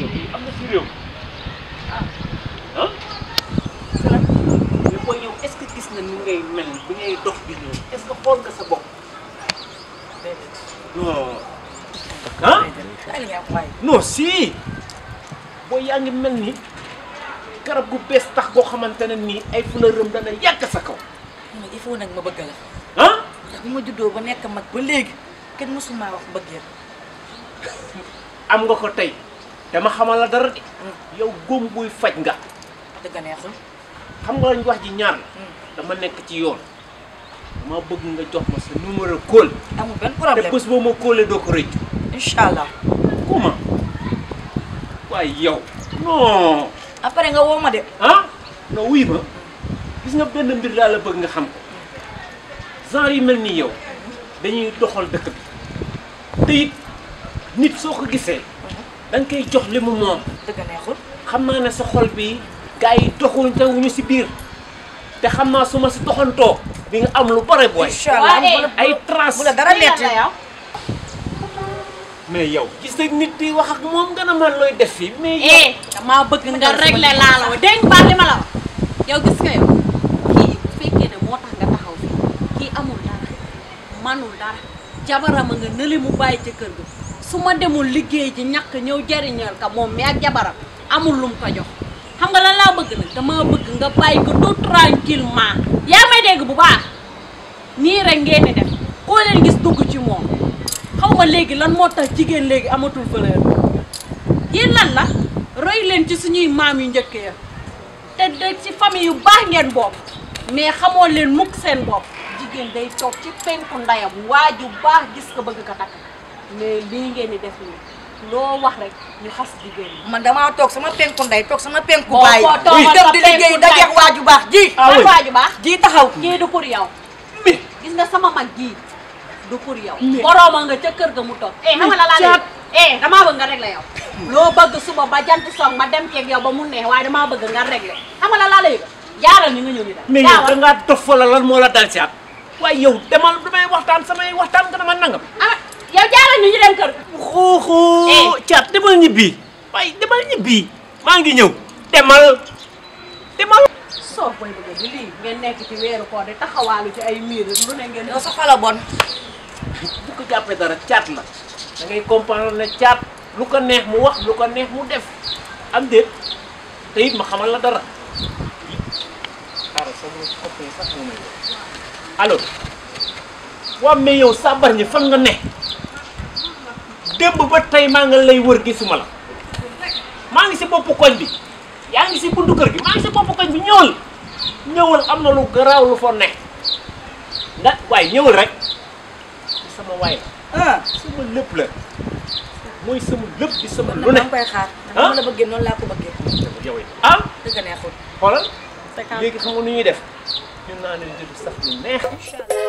rajo bi am na ci réew ah salaam yow booy ce que gis na mel bi bi ñëw est nga sa bopp non ah non si yaa ngi mel ni garab gu bees tax goo xamante ne nii ay fleuram dana yàgg sa kaw il faut nag ma bëgg la ah ndax ma juddoo ba nekk mag ba léegi kenn mësul maa wax bëggeel am nga ko tey dama xamal la dara di hmm. yow góom buy faj nga dëgg neexu xam nga lañ wax ji ñaar hmm. dama nekk ci yoon dama bëgg nga jox ma sa numéro call amu ben problème te bés boo ma kóolee doo ko rëccu inshallah allah comment waaye yow non après nga woo ma de ah no wi ba gis nga ben mbir la la bëgg nga xam genre yi melni yow hmm. dañuy doxal dëkk bi te nit soko gisee dang kay jox limu mu deug neexul xam naa ne sa xol bi gaay yi doxuñ te wuñu ci bir te xam naa su ma si doxantoo nga am lu bare boy inshallah ay trace bu la dara metti mais yow gis nga nit di wax ak mom gëna ne man looy def fi mais yow eh, dama bëgg nga réglé la la wax ba baax li ma la yow gis nga yow ki fekkee ne moo tax nga taxaw fi ki amul dara manul dara jabarama nga nële mu bàyyi ci kër suma demul liggey ci ñak ñew jariñal ka mom mi ak jabaram amul lu ko jox xam nga lan la bëgg nak dama bëgg nga bay ko tout tranquillement ya may dégg bu baax ni rek ngeen def ko leen gis dugg ci mom xaw ma légui lan mo tax jigen légui amatul valeur yéen lan la roy leen ci suñuy mam yu njëkk ya té de ci famille yu baax ngeen bopp mais xamoo leen mukk seen bop jigen day tok ci penku ndayam waju baax gis ko bëgg ka takk mais lii ngeen di def nii loo wax rek ñu xas jigéen ñi. man damaa toog sama penku day toog sama penku bay. boo ko toogoon sa penku ndey di liggéey dajeeg waaju baax ji. Ah waaw ji taxaw. kii du pour sama mag ji du pour yow. borooma nga ca kër ga mu toog. eh xam nga la laa eh damaa bëgg nga réglé yow. loo bëgg suba ba jant soog ma dem ceeg yow ba mu neex waaye damaa bëgg nga réglé xam nga la laa lay jaaral ñu nga ñëw ñu da ngaa dof lan la dal at. yow demal waxtaan waxtaan nangam yow caat demal ñibbi waaye demal ñibbi maa ngi ñëw demal demal. soo koy bëgg di lii ngeen nekk ci weeru koor di taxawaalu ci ay miir lu ne ngeen. yow sa fa la bon. bu ko jàppee dara caat la da ngay comprendre ne caat lu ko neex mu wax lu ko neex mu def am déet te it ma xamal la dara. xaaral sama coppite sax moom la ñu. alors waa mais yow sàmbar ñi fan nga ne. démb ba tay ma nga lay wër suma la ma ngi si bop koñ bi ya ngi ci buntu kër gi ma ngi ci bop koñ bi ñëwal ñëwal amna lu graw lu fo nek nga way ñëwal rek sama way ah sama lepp la moy sama lepp di sama lu ne xaar ah. dama la bëgge non la ko bëgge yow ah dëgg neexul xolal legi xamu ñuy def ñu naa ne jël sax lu neex